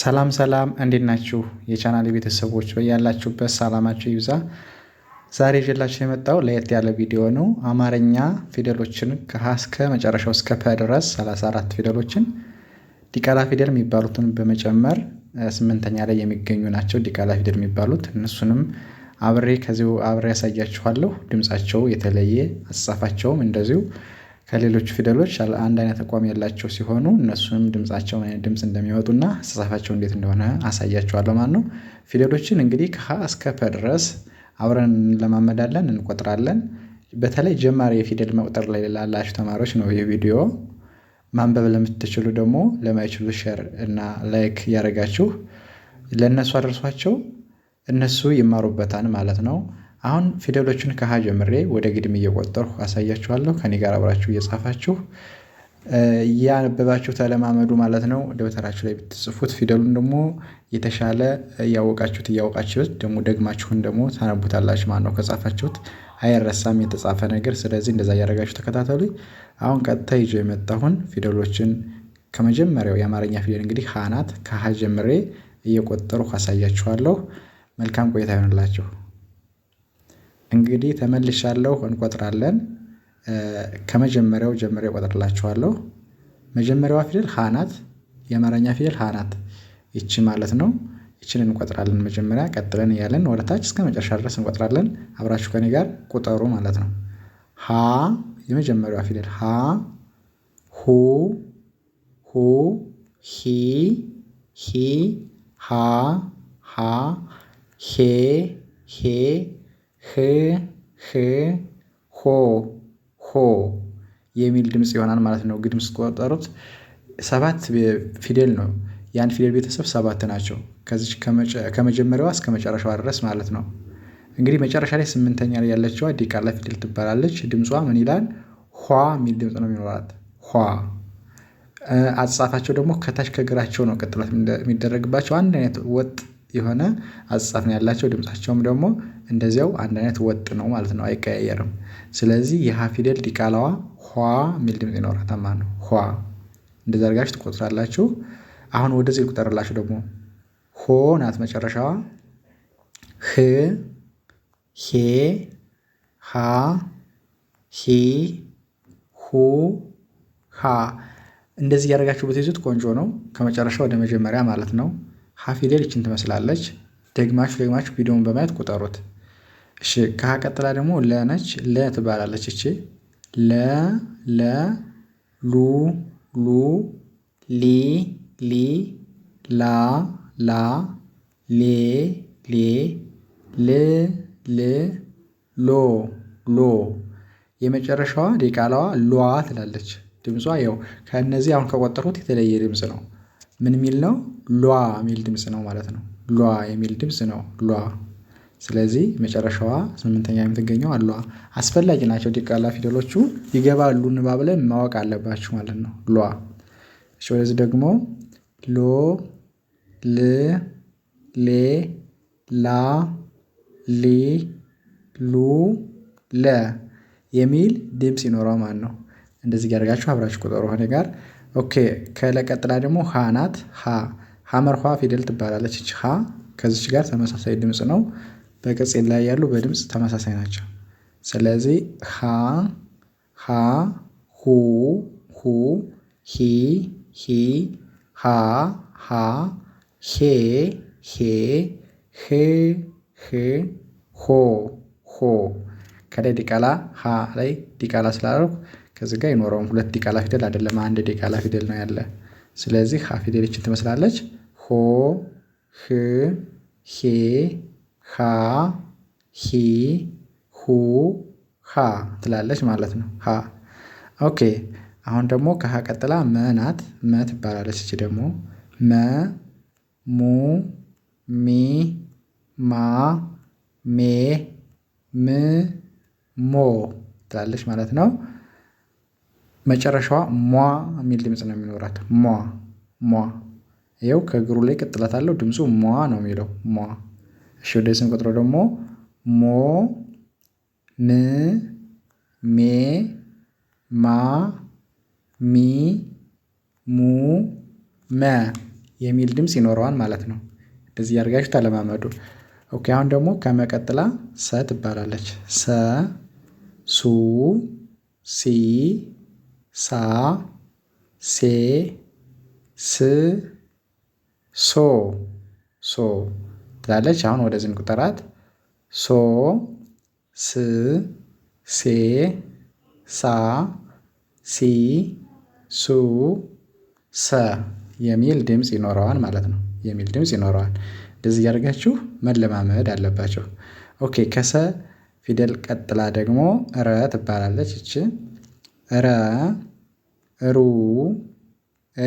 ሰላም ሰላም፣ እንዴት ናችሁ የቻናል ቤተሰቦች? በያላችሁበት ሰላማችሁ ይብዛ። ዛሬ ይዤላችሁ የመጣው ለየት ያለ ቪዲዮ ነው። አማርኛ ፊደሎችን ከሀ እስከ መጨረሻው እስከ ፐ ድረስ 34 ፊደሎችን ዲቃላ ፊደል የሚባሉትን በመጨመር ስምንተኛ ላይ የሚገኙ ናቸው ዲቃላ ፊደል የሚባሉት እነሱንም አብሬ ከዚሁ አብሬ ያሳያችኋለሁ። ድምጻቸው የተለየ አጻጻፋቸውም እንደዚሁ ከሌሎች ፊደሎች አንድ አይነት አቋም ያላቸው ሲሆኑ እነሱም ድምፃቸው አይነት ድምፅ እንደሚወጡና አስተጻጻፋቸው እንዴት እንደሆነ አሳያቸዋለሁ ማለት ነው። ፊደሎችን እንግዲህ ከሀ እስከ ፐ ድረስ አብረን እንለማመዳለን፣ እንቆጥራለን። በተለይ ጀማሪ የፊደል መቁጠር ላይ ላላችሁ ተማሪዎች ነው ይህ ቪዲዮ። ማንበብ ለምትችሉ ደግሞ ለማይችሉ ሼር እና ላይክ እያደረጋችሁ ለእነሱ አድርሷቸው፣ እነሱ ይማሩበታል ማለት ነው። አሁን ፊደሎቹን ከሀ ጀምሬ ወደ ግድም እየቆጠርሁ አሳያችኋለሁ። ከኔ ጋር አብራችሁ እየጻፋችሁ እያነበባችሁ ተለማመዱ ማለት ነው። ደብተራችሁ ላይ ብትጽፉት ፊደሉን ደግሞ የተሻለ እያወቃችሁት እያወቃችሁት ደግሞ ደግማችሁን ደግሞ ታነቡታላችሁ ማለት ነው። ከጻፋችሁት አይረሳም የተጻፈ ነገር። ስለዚህ እንደዛ እያደረጋችሁ ተከታተሉ አሁን ቀጥታ ይዞ የመጣሁን ፊደሎችን ከመጀመሪያው የአማርኛ ፊደል እንግዲህ ሀ ናት። ከሀ ጀምሬ እየቆጠሩ አሳያችኋለሁ። መልካም ቆይታ ይሆንላችሁ። እንግዲህ ተመልሻለሁ እንቆጥራለን። ከመጀመሪያው ጀምሬ እቆጥርላችኋለሁ። መጀመሪያዋ ፊደል ሀ ናት። የአማርኛ ፊደል ሀ ናት። ይቺ ማለት ነው። ይችን እንቆጥራለን መጀመሪያ ቀጥለን እያለን ወደ ታች እስከ መጨረሻ ድረስ እንቆጥራለን። አብራችሁ ከኔ ጋር ቁጠሩ ማለት ነው። ሀ የመጀመሪያዋ ፊደል ሀ ሁ ሁ ሂ ሂ ሃ ሃ ሄ ሄ ህ ህ ሆ ሆ የሚል ድምጽ ይሆናል ማለት ነው። ግድም ስትቆጠሩት ሰባት ፊደል ነው የአንድ ፊደል ቤተሰብ ሰባት ናቸው ከዚች ከመጀመሪያዋ እስከ መጨረሻዋ ድረስ ማለት ነው። እንግዲህ መጨረሻ ላይ ስምንተኛ ላይ ያለችዋ ዲቃላ ፊደል ትባላለች ድምጿ ምን ይላል? ኋ የሚል ድምጽ ነው የሚኖራት ኋ። አጻፋቸው ደግሞ ከታች ከእግራቸው ነው ቅጥለት የሚደረግባቸው አንድ አይነት ወጥ የሆነ አጻፍ ነው ያላቸው ድምፃቸውም ደግሞ እንደዚያው አንድ አይነት ወጥ ነው ማለት ነው አይቀያየርም። ስለዚህ የሀ ፊደል ዲቃላዋ ኋ የሚል ድምጽ ይኖራታል ማለት ነው። ኋ እንደዛ አድርጋችሁ ትቆጥራላችሁ። አሁን ወደዚህ ልቁጠርላችሁ ደግሞ ሆ ናት መጨረሻዋ ህ ሄ ሃ ሂ ሁ ሃ እንደዚህ እያደረጋችሁ ብትይዙት ቆንጆ ነው። ከመጨረሻ ወደ መጀመሪያ ማለት ነው። ሀ ፊደል ይችን ትመስላለች። ደግማችሁ ደግማችሁ ቪዲዮውን በማየት ቁጠሩት። እሺ ከሀ ቀጥላ ደግሞ ለ ነች ለ ትባላለች እቺ ለ ለ ሉ ሉ ሊ ሊ ላ ላ ሌ ሌ ል ል ሎ ሎ የመጨረሻዋ ዲቃላዋ ሏ ትላለች ድምጿ ያው ከእነዚህ አሁን ከቆጠርኩት የተለየ ድምጽ ነው። ምን የሚል ነው ሏ የሚል ድምጽ ነው ማለት ነው ሏ የሚል ድምጽ ነው ሏ ስለዚህ መጨረሻዋ ስምንተኛ የምትገኘው አለዋ አስፈላጊ ናቸው ዲቃላ ፊደሎቹ ይገባሉ ንባብ ላይ ማወቅ አለባችሁ ማለት ነው። ሏ ወደዚህ ደግሞ ሎ ል ሌ ላ ሊ ሉ ለ የሚል ድምጽ ይኖረው ማለት ነው። እንደዚህ ያደርጋችሁ አብራች አብራችሁ ቁጠሩ ጋር ኦኬ። ከለቀጥላ ደግሞ ሀ ናት። ሀ ሀመር ፊደል ትባላለች። ሃ ሀ ከዚች ጋር ተመሳሳይ ድምጽ ነው። በቅጽ ላይ ያሉ በድምጽ ተመሳሳይ ናቸው። ስለዚህ ሀ ሀ ሁ ሁ ሂ ሂ ሀ ሀ ሄ ሄ ህ ህ ሆ ሆ ከላይ ዲቃላ ሀ ላይ ዲቃላ ስላደረኩ ከዚ ጋር አይኖረውም። ሁለት ዲቃላ ፊደል አይደለም አንድ ዲቃላ ፊደል ነው ያለ። ስለዚህ ሀ ፊደል ይችን ትመስላለች። ሆ ህ ሄ ሀ ሂ ሁ ሃ ትላለች ማለት ነው። ሃ ኦኬ አሁን ደግሞ ከሀ ቀጥላ መ ናት መ ትባላለች እቺ ደግሞ መ ሙ ሚ ማ ሜ ም ሞ ትላለች ማለት ነው። መጨረሻዋ ሟ የሚል ድምፅ ነው የሚኖራት ሟ ሟ ይኸው ከእግሩ ላይ ቅጥላት አለው ድምፁ ሟ ነው የሚለው ሟ እሺ ወደ ስንቆጥረው ደግሞ ሞ ም ሜ ማ ሚ ሙ መ የሚል ድምጽ ይኖረዋል ማለት ነው። እንደዚህ ያደርጋችሁ ተለማመዱ። ኦኬ አሁን ደግሞ ከመቀጥላ ሰ ትባላለች። ሰ ሱ ሲ ሳ ሴ ስ ሶ ሶ ትላለች። አሁን ወደዚህ እንቁጠራት። ሶ ስ ሴ ሳ ሲ ሱ ሰ የሚል ድምፅ ይኖረዋል ማለት ነው። የሚል ድምፅ ይኖረዋል። እንደዚህ እያደርጋችሁ መለማመድ አለባቸው። ኦኬ ከሰ ፊደል ቀጥላ ደግሞ ረ ትባላለች። እች ረ ሩ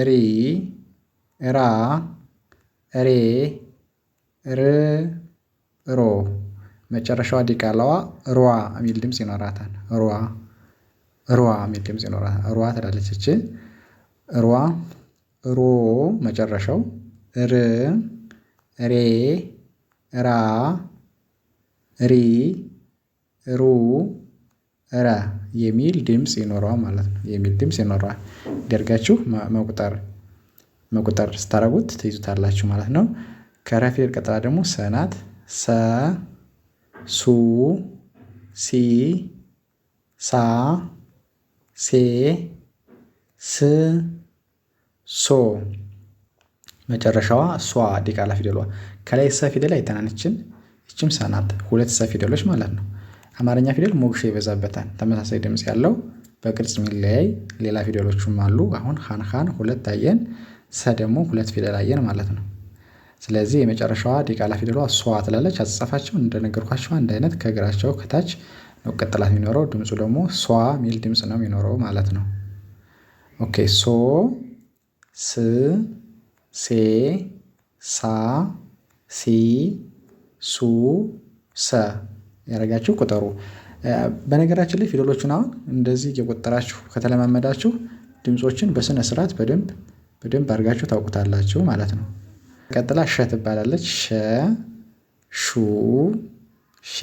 ሪ ራ ሬ ር ሮ መጨረሻዋ ዲቃላዋ ሩዋ የሚል ድምጽ ይኖራታል። ሩዋ ሩዋ የሚል ድምጽ ይኖራታል። ሩዋ ትላለች እች ሩዋ ሮ መጨረሻው ር ሬ ራ ሪ ሩ ረ የሚል ድምጽ ይኖረዋል ማለት ነው። የሚል ድምጽ ይኖረዋል ደርጋችሁ መቁጠር መቁጠር ስታደርጉት ትይዙታላችሁ ማለት ነው። ከረፌል ቀጥላ ደግሞ ሰ ናት። ሰ ሱ ሲ ሳ ሴ ስ ሶ መጨረሻዋ ሷ ዲቃላ ፊደሏ። ከላይ ሰ ፊደል አይተናንችን ይችም ሰናት ሁለት ሰ ፊደሎች ማለት ነው። አማርኛ ፊደል ሞግሻ ይበዛበታል። ተመሳሳይ ድምፅ ያለው በቅርጽ የሚለያይ ሌላ ፊደሎችም አሉ። አሁን ሃንሃን ሁለት አየን። ሰ ደግሞ ሁለት ፊደል አየን ማለት ነው። ስለዚህ የመጨረሻዋ ዲቃላ ፊደሏ ሷ ትላለች። አጻጻፋቸው እንደነገርኳቸው አንድ አይነት ከእግራቸው ከታች ነው ቅጥላት የሚኖረው። ድምፁ ደግሞ ሷ የሚል ድምፅ ነው የሚኖረው ማለት ነው። ኦኬ ሶ ስ ሴ ሳ ሲ ሱ ሰ ያደረጋችሁ ቁጠሩ። በነገራችን ላይ ፊደሎቹን አሁን እንደዚህ እየቆጠራችሁ ከተለማመዳችሁ ድምፆችን በስነ ስርዓት በደንብ በደንብ አድርጋችሁ ታውቁታላችሁ ማለት ነው። ቀጥላ ሸ ትባላለች። ሸ ሹ ሺ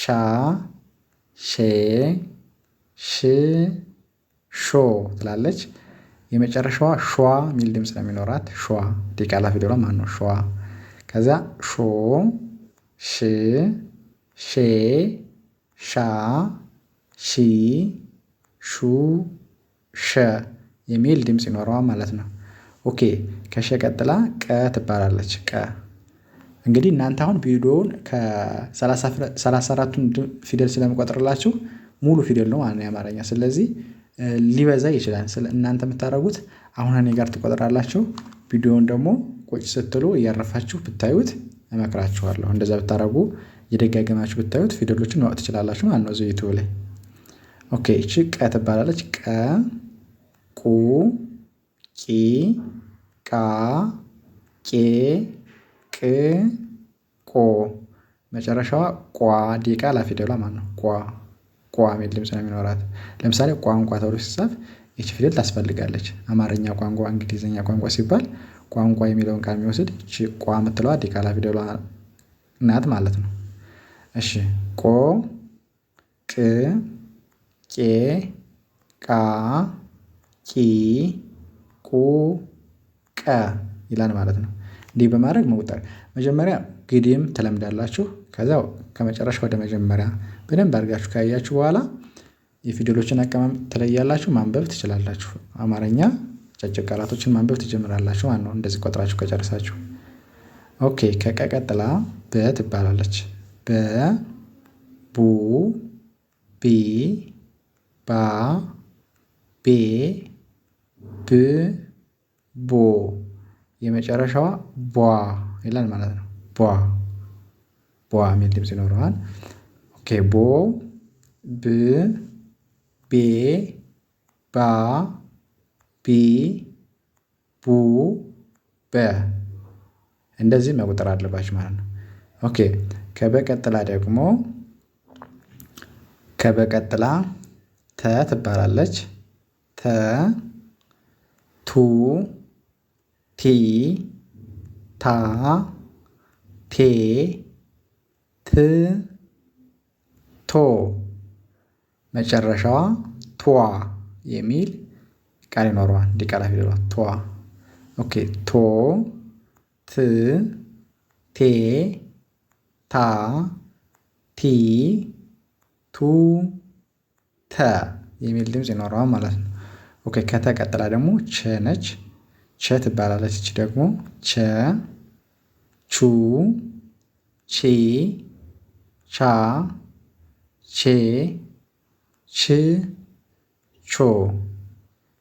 ሻ ሼ ሽ ሾ ትላለች። የመጨረሻዋ ሿ የሚል ድምፅ ነው የሚኖራት። ሿ ዲቃላ ፊደሏ ማን ነው? ሿ ከዛ ሾ ሽ ሼ ሻ ሺ ሹ ሸ የሚል ድምፅ ይኖረዋል ማለት ነው። ኦኬ ከሸ ቀጥላ ቀ ትባላለች ቀ እንግዲህ እናንተ አሁን ቪዲዮውን ከሰላሳ አራቱን ፊደል ስለምቆጥርላችሁ ሙሉ ፊደል ነው ማለት ነው የአማርኛ ስለዚህ ሊበዛ ይችላል እናንተ የምታደርጉት አሁን እኔ ጋር ትቆጥራላችሁ ቪዲዮውን ደግሞ ቁጭ ስትሉ እያረፋችሁ ብታዩት እመክራችኋለሁ እንደዛ ብታደርጉ እየደጋገማችሁ ብታዩት ፊደሎችን ማወቅ ትችላላችሁ ማለት ነው እዚህ ላይ ኦኬ እቺ ቀ ትባላለች ቀ ቁ ቂ ቃ ቄ ቅ ቆ መጨረሻዋ ቋ ዲቃ ላፊደሏ ማለት ነው። ቋ ቋ የሚል ድምጽ ነው የሚኖራት። ለምሳሌ ቋንቋ ተብሎ ሲጻፍ ይቺ ፊደል ታስፈልጋለች። አማርኛ ቋንቋ፣ እንግሊዘኛ ቋንቋ ሲባል ቋንቋ የሚለውን ቃል የሚወስድ ይቺ ቋ የምትለዋ ዲቃላ ፊደሏ ናት ማለት ነው። እሺ ቆ ቅ ቄ ቃ ቂ ቁ ቀ ይላል ማለት ነው። እንዲህ በማድረግ መቁጠር መጀመሪያ ግድም ትለምዳላችሁ ከዛው ከመጨረሻ ወደ መጀመሪያ በደንብ አድርጋችሁ ካያችሁ በኋላ የፊደሎችን አቀማመጥ ትለያላችሁ ማንበብ ትችላላችሁ አማርኛ አጫጭር ቃላቶችን ማንበብ ትጀምራላችሁ ማለት ነው። እንደዚህ ቆጥራችሁ ከጨርሳችሁ ኦኬ ከቀ ቀጥላ በ ትባላለች በ ቡ ቢ ባ ቤ ብ ቦ የመጨረሻዋ ቧ ይላል ማለት ነው። ቧ ቧ የሚል ድምጽ ይኖረዋል። ኦኬ ቦ ብ ቤ ባ ቢ ቡ በ እንደዚህ መቁጠር አለባችሁ ማለት ነው። ኦኬ ከበቀጥላ ደግሞ ከበቀጥላ ተ ትባላለች። ተ ቱ ቲ ታ ቴ ት ቶ መጨረሻዋ ቷ የሚል ቃል ይኖረዋል። ዲቃላ ፊደሏ ቷ። ኦኬ ቶ ት ቴ ታ ቲ ቱ ተ የሚል ድምፅ ይኖረዋል ማለት ነው። ኦኬ ከተቀጥላ ደግሞ ቸ ነች። ቸ ትባላለች። እቺ ደግሞ ቸ ቹ ቺ ቻ ቼ ች ቾ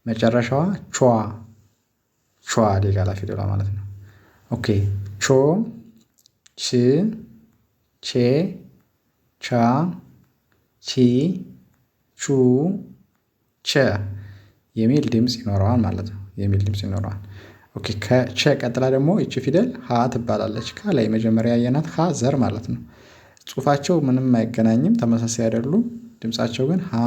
መጨረሻዋ ቿ ቿ ዴጋላ ፊደሏ ማለት ነው። ኦኬ ቾ ች ቼ ቻ ቺ ቹ ቸ የሚል ድምፅ ይኖረዋል ማለት ነው። የሚል ድምፅ ይኖረዋል። ኦኬ ከቸ ቀጥላ ደግሞ ይቺ ፊደል ሀ ትባላለች። ከላይ ላይ መጀመሪያ ያየናት ሀ ዘር ማለት ነው። ጽሁፋቸው ምንም አይገናኝም፣ ተመሳሳይ አይደሉም። ድምፃቸው ግን ሀ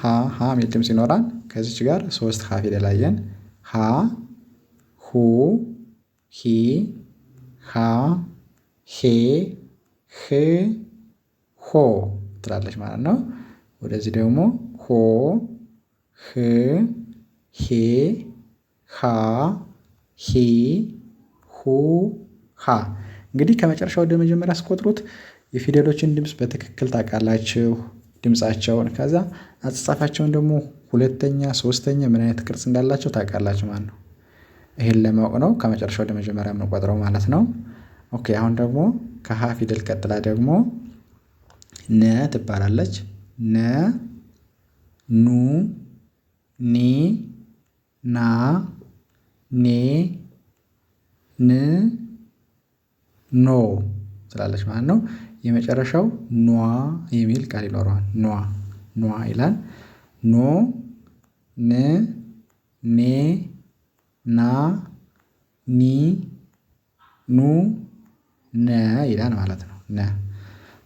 ሀ ሀ የሚል ድምፅ ይኖራል። ከዚች ጋር ሶስት ሀ ፊደል አየን። ሀ ሁ ሂ ሀ ሄ ህ ሆ ትላለች ማለት ነው። ወደዚህ ደግሞ ሆ ህ ሄ ሀ ሄ ሁ ሃ እንግዲህ ከመጨረሻ ወደ መጀመሪያ ስቆጥሩት የፊደሎችን ድምፅ በትክክል ታውቃላችሁ ድምፃቸውን ከዛ አጻጻፋቸውን ደግሞ ሁለተኛ ሶስተኛ ምን አይነት ቅርጽ እንዳላቸው ታውቃላችሁ ማለት ነው። ይሄን ለማወቅ ነው ከመጨረሻ ወደ መጀመሪያ የምንቆጥረው ማለት ነው። ኦኬ አሁን ደግሞ ከሀ ፊደል ቀጥላ ደግሞ ነ ትባላለች ነ ኑ ኒ ና ኔ ን ኖ ስላለች ማለት ነው። የመጨረሻው ኗ የሚል ቃል ይኖረዋል ኗ ኗ ይላል። ኖ ን ኔ ና ኒ ኑ ነ ይላል ማለት ነው። ነ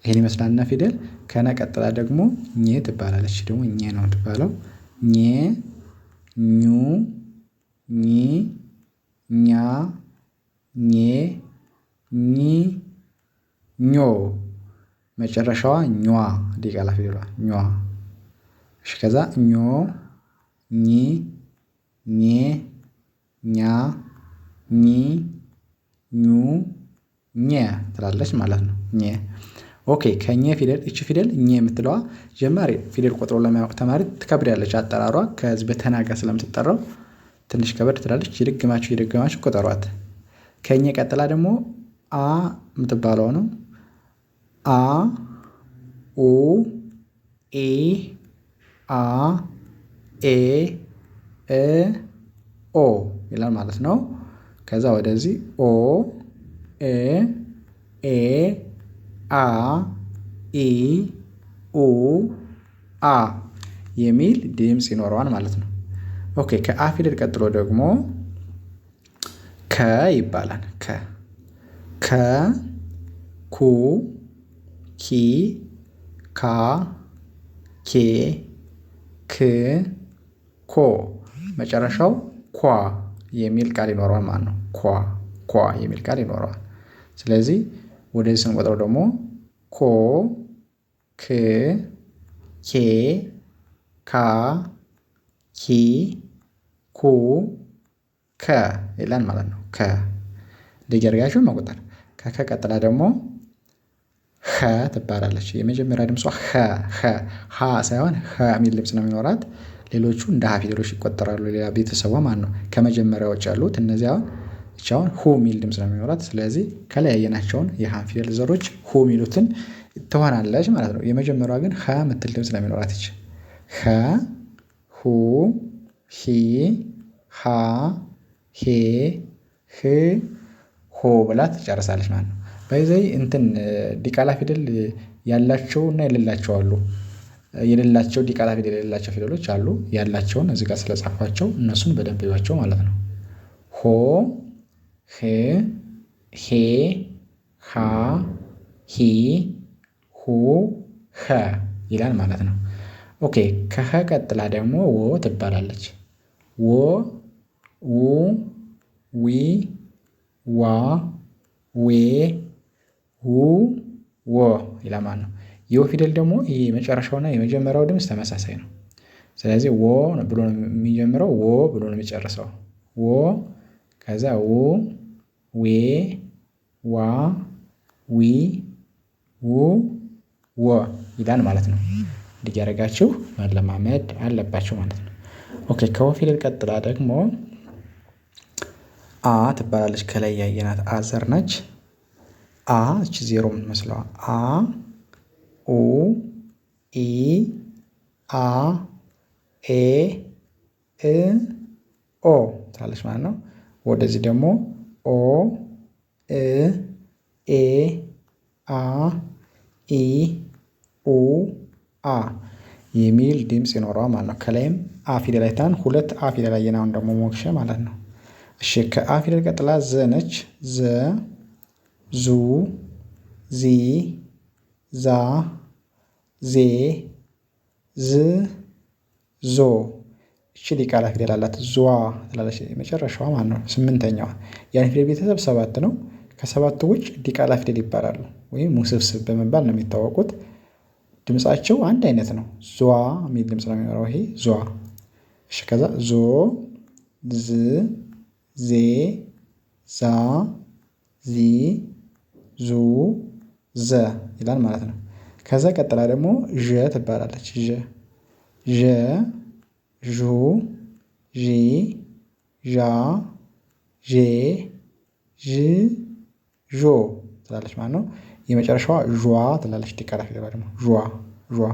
ይህን ይመስላል ነ ፊደል ከነ ቀጥላ ደግሞ ኘ ትባላለች ደግሞ ኘ ነው የምትባለው ኘ ኙ ኝ ኛ ኜ ኚ ኞ መጨረሻዋ ኟ ዲቃላ ፊደሏ ኟ። እሺ ከዛ ኞ ኚ ኜ ኛ ኚ ኙ ኘ ትላለች ማለት ነው። ኘ ኦኬ። ከኘ ፊደል እቺ ፊደል ኘ የምትለዋ ጀማሪ ፊደል ቆጥሮ ለማያውቅ ተማሪ ትከብዳለች አጠራሯ። ከዚህ በተናጋ ስለምትጠራው ትንሽ ከበድ ትላለች። የደገማችሁ የደገማችሁ ቁጠሯት። ከኛ ቀጥላ ደግሞ አ የምትባለው ነው። አ ኡ ኤ አ ኤ እ ኦ ይላል ማለት ነው። ከዛ ወደዚህ ኦ ኤ ኤ አ ኢ ኡ አ የሚል ድምፅ ይኖረዋል ማለት ነው። ኦኬ ከአ ፊደል ቀጥሎ ደግሞ ከ ይባላል። ከ ከ ኩ ኪ ካ ኬ ክ ኮ መጨረሻው ኳ የሚል ቃል ይኖረዋል ማለት ነው። ኳ ኳ የሚል ቃል ይኖረዋል። ስለዚህ ወደዚህ ስንቆጥረው ደግሞ ኮ ክ ኬ ካ ኪ ኩ ከ ይላል ማለት ነው። ከ እንደዚህ መቁጠር። ከከ ቀጥላ ደግሞ ኸ ትባላለች። የመጀመሪያ ድምጿ ኸ ኸ ሀ ሳይሆን ኸ የሚል ድምፅ ነው የሚኖራት። ሌሎቹ እንደ ሀ ፊደሎች ይቆጠራሉ። ሌላ ቤተሰቧ ማለት ነው። ከመጀመሪያዎች ያሉት እነዚህ አሁን ብቻውን ሁ የሚል ድምፅ ነው የሚኖራት። ስለዚህ ከላይ ያየናቸውን የሀ ፊደል ዘሮች ሁ የሚሉትን ትሆናለች ማለት ነው። የመጀመሪያ ግን ኸ የምትል ድምፅ ነው የሚኖራት። ኸ ሁ ሂ ሃ ሄ ህ ሆ ብላ ትጨርሳለች ማለት ነው። ባይ እንትን ዲቃላ ፊደል ያላቸው እና የሌላቸው አሉ። የሌላቸው ዲቃላ ፊደል የሌላቸው ፊደሎች አሉ ያላቸውን እዚህ ጋር ስለጻፍኳቸው እነሱን በደንብ እዩዋቸው ማለት ነው። ሆ ህ ሄ ሀ ሂ ሁ ኸ ይላል ማለት ነው። ኦኬ ከኸ ቀጥላ ደግሞ ወ ትባላለች ዎ ኡ ዊ ዋ ዌ ው ዎ ይላል ነው። የው ፊደል ደግሞ ይሄ የመጨረሻውና የመጀመሪያው ድምጽ ተመሳሳይ ነው። ስለዚህ ዎ ብሎ ነው የሚጀምረው ዎ ብሎ ነው የሚጨርሰው ዎ ከዛ ው ዌ ዋ ዊ ው ዎ ይላል ማለት ነው። እንዲህ እያደረጋችሁ መለማመድ አለባችሁ ማለት ነው ኦኬ ከወፊደል ቀጥላ ደግሞ አ ትባላለች። ከላይ ያየናት አዘር ነች። አ እች ዜሮ የምትመስለዋ አ ኡ ኢ አ ኤ እ ኦ ትላለች ማለት ነው። ወደዚህ ደግሞ ኦ እ ኤ አ ኢ ኡ አ የሚል ድምፅ ይኖረዋል ማለት ነው። ከላይም አፊደል ፊደል አይተናል። ሁለት አ ፊደል አየን። ደግሞ ሞክሸ ማለት ነው። እሺ ከአ ቀጥላ ዘ ነች። ዘ፣ ዙ፣ ዚ፣ ዛ፣ ዜ፣ ዝ፣ ዞ። እቺ ዲቃላ ፊደል አላት። ዙዋ ትላለች መጨረሻዋ ማለት ነው። ስምንተኛዋ ያን ፊደል ቤተሰብ ሰባት ነው። ከሰባቱ ውጭ ዲቃላ ፊደል ይባላሉ ወይም ውስብስብ በመባል ነው የሚታወቁት። ድምፃቸው አንድ አይነት ነው። ዙዋ የሚል ድምፅ ነው የሚኖረው። ይሄ ዙዋ እሺ ከዛ ዞ ዝ ዜ ዛ ዚ ዙ ዘ ይላል ማለት ነው። ከዛ ቀጥላ ደግሞ ዠ ትባላለች ዠ ዠ ዡ ዢ ዣ ዤ ዥ ዦ ትላለች ማለት ነው። የመጨረሻዋ ዥዋ ትላለች ዲቃላ ፊደሏ ደግሞ ዥዋ ዥዋ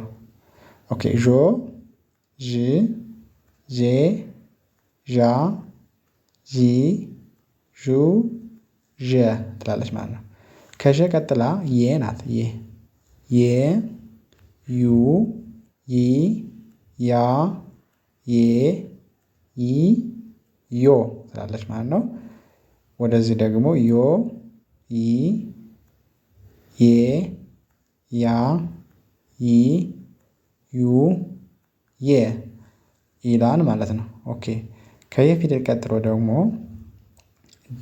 ኦኬ ዦ ዥ ጄ ዣ ዢ ዡ ዠ ትላለች ማለት ነው። ከዠ ቀጥላ የ ናት የ የ ዩ ይ ያ ዬ ይ ዮ ትላለች ማለት ነው። ወደዚህ ደግሞ ዮ ይ ዬ ያ ይ ዩ የ። ኢላን ማለት ነው። ኦኬ ከየ ፊደል ቀጥሎ ደግሞ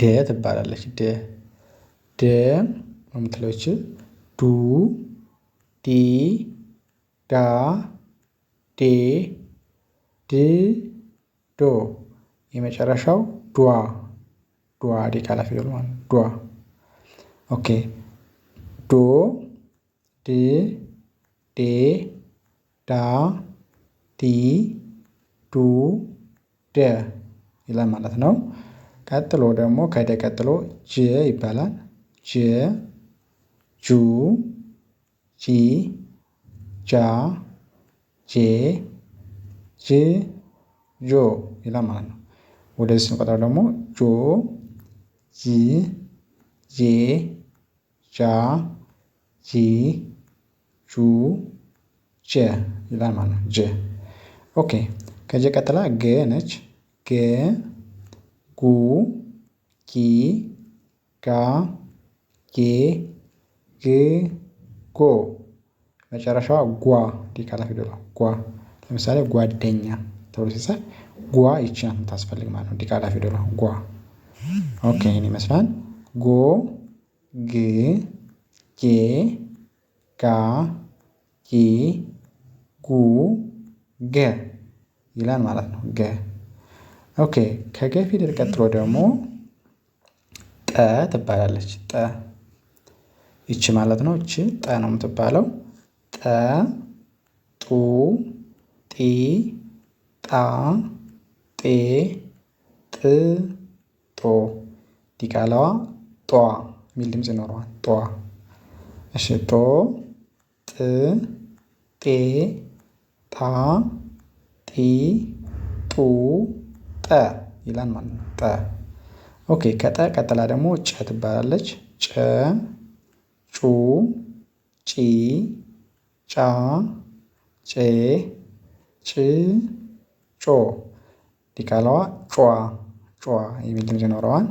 ደ ትባላለች። ደ ደ የምትለው ዱ ዲ ዳ ዴ ድ ዶ የመጨረሻው ዱዋ ዱዋ ዲቃላ ፊደል ማለት ዱዋ። ኦኬ ዶ ድ ዴ ዳ ዲ ዱ ደ ይላል ማለት ነው። ቀጥሎ ደግሞ ከደ ቀጥሎ ጅ ይባላል። ጀ ጁ ጂ ጃ ጄ ጅ ጆ ይላል ማለት ነው። ወደዚህ ስንቆጥረው ደግሞ ጆ ጂ ጄ ጃ ጂ ጁ ጀ ይላል ማለት ነው። ጀ ኦኬ ከጀ ቀጥላ ገ ነች። ገ ጉ ጊ ጋ ጌ ግ ጎ መጨረሻዋ ጓ ዲቃላ ፊደሏ ጓ። ለምሳሌ ጓደኛ ተብሎ ሲጻፍ ጓ ይቺ ናት የምታስፈልግ ማለት ነው። ዲቃላ ፊደሏ ጓ። ኦኬ ይህን ይመስላል። ጎ ግ ጌ ጋ ጌ ጉ ገ ይላል ማለት ነው። ገ ኦኬ። ከገ ፊደል ቀጥሎ ደግሞ ጠ ትባላለች። ጠ ይቺ ማለት ነው። እቺ ጠ ነው የምትባለው። ጠ ጡ ጢ ጣ ጤ ጥ ጦ ዲቃላዋ ጧ የሚል ድምፅ ይኖረዋል። ጧ እሺ። ጦ ጥ ጤ ጣ ጢ ጡ ጠ ይላል ማለት ነው። ጠ ኦኬ ከጠ ቀጥላ ደግሞ ጨ ትባላለች። ጨ ጩ ጪ ጫ ጬ ጭ ጮ ዲቃላዋ ጯ ጯ የሚል ድምጽ ይኖረዋል።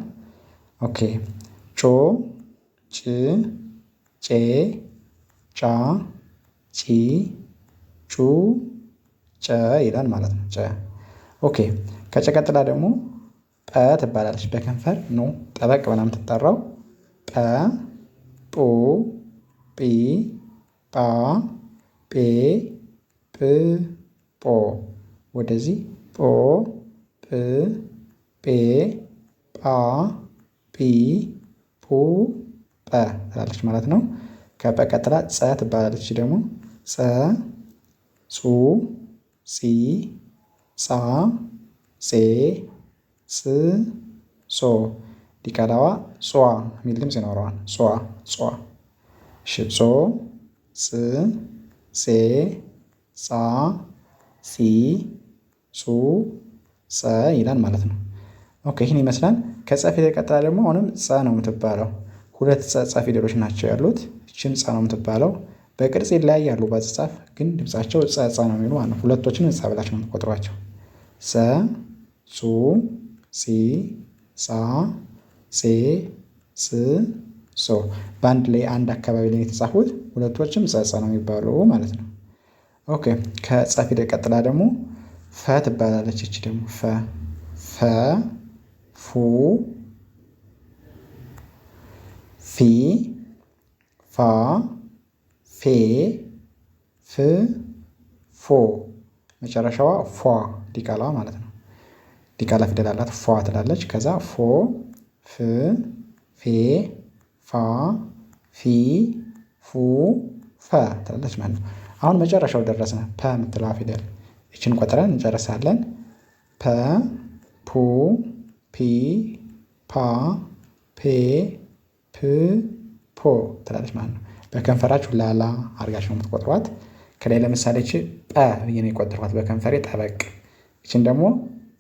ኦኬ ጮ ጭ ጬ ጫ ጪ ጩ ጨ ይላል ማለት ነው። ጨ ኦኬ ከጨቀጥላ ደግሞ ጠ ትባላለች። በከንፈር ኖ ጠበቅ ብላ የምትጠራው ጠ ጦ ጲ ጳ ጴ ጵ ጶ ወደዚህ ጶ ጵ ጴ ጳ ጲ ፑ ጰ ትላለች ማለት ነው። ከጰ ቀጥላ ፀ ትባላለች ደግሞ ጸ ጹ ጺ ጻ ጼ ጽ ጾ ዲቃላዋ ጿ የሚል ድምፅ ይኖረዋል። ጿ ጿ እሺ ጾ ጽ ጼ ጻ ጺ ጹ ጸ ይላል ማለት ነው። ኦኬ ይህን ይመስላል። ከጸ ፊደል ቀጥላ ደግሞ አሁንም ጸ ነው የምትባለው። ሁለት ጸ ጸ ፊደሎች ናቸው ያሉት። ይችም ጸ ነው የምትባለው በቅርጽ ይለያያሉ በአጻጻፍ ግን ድምፃቸው እጸ ነው የሚሉ ማለት ነው። ሁለቶችንም እጸ ብላችሁ ነው የምትቆጥሯቸው። ሰ ጹ ጺ ጻ ጼ ስ ሶ በአንድ ላይ አንድ አካባቢ ላይ የተጻፉት ሁለቶችም እጸ ነው የሚባሉ ማለት ነው። ኦኬ ከጸ ፊደል ቀጥላ ደግሞ ፈ ትባላለች እች ደግሞ ፈ ፈ ፉ ፊ ፋ ፌ ፍ ፎ መጨረሻዋ ፏ ዲቃላ ማለት ነው። ዲቃላ ፊደል አላት ፏ ትላለች። ከዛ ፎ ፍ ፌ ፋ ፊ ፉ ፈ ትላለች ማለት ነው። አሁን መጨረሻው ደረሰ ፐ የምትለዋ ፊደል ይችን ቆጥረን እንጨርሳለን። ፐ ፑ ፒ ፓ ፔ ፕ ፖ ትላለች ማለት ነው። በከንፈራችሁ ላላ አድርጋችሁ ነው የምትቆጥሯት። ከላይ ለምሳሌ ች ጠ ብዬ ነው የቆጠርኳት በከንፈሬ ጠበቅ። ይችን ደግሞ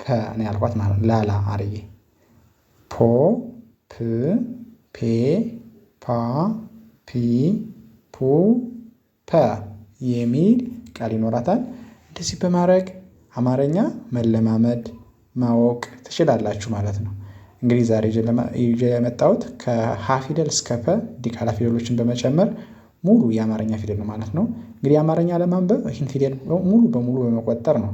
ፐ ነው ያልኳት ማለት ላላ አርዬ ፖ ፕ ፔ ፓ ፒ ፑ ፐ የሚል ቃል ይኖራታል። እንደዚህ በማድረግ አማርኛ መለማመድ ማወቅ ትችላላችሁ ማለት ነው። እንግዲህ ዛሬ ይዤ የመጣሁት ከሀ ፊደል እስከ ፐ ዲቃላ ፊደሎችን በመጨመር ሙሉ የአማርኛ ፊደል ነው ማለት ነው። እንግዲህ አማርኛ ለማንበብ ይህን ፊደል ሙሉ በሙሉ በመቆጠር ነው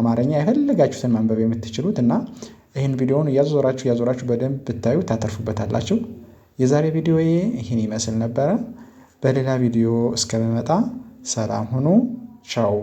አማርኛ የፈለጋችሁትን ማንበብ የምትችሉት እና ይህን ቪዲዮውን እያዞራችሁ እያዞራችሁ በደንብ ብታዩ ታተርፉበታላችሁ። የዛሬ ቪዲዮ ይህን ይመስል ነበረ። በሌላ ቪዲዮ እስከመመጣ ሰላም ሁኑ። ቻው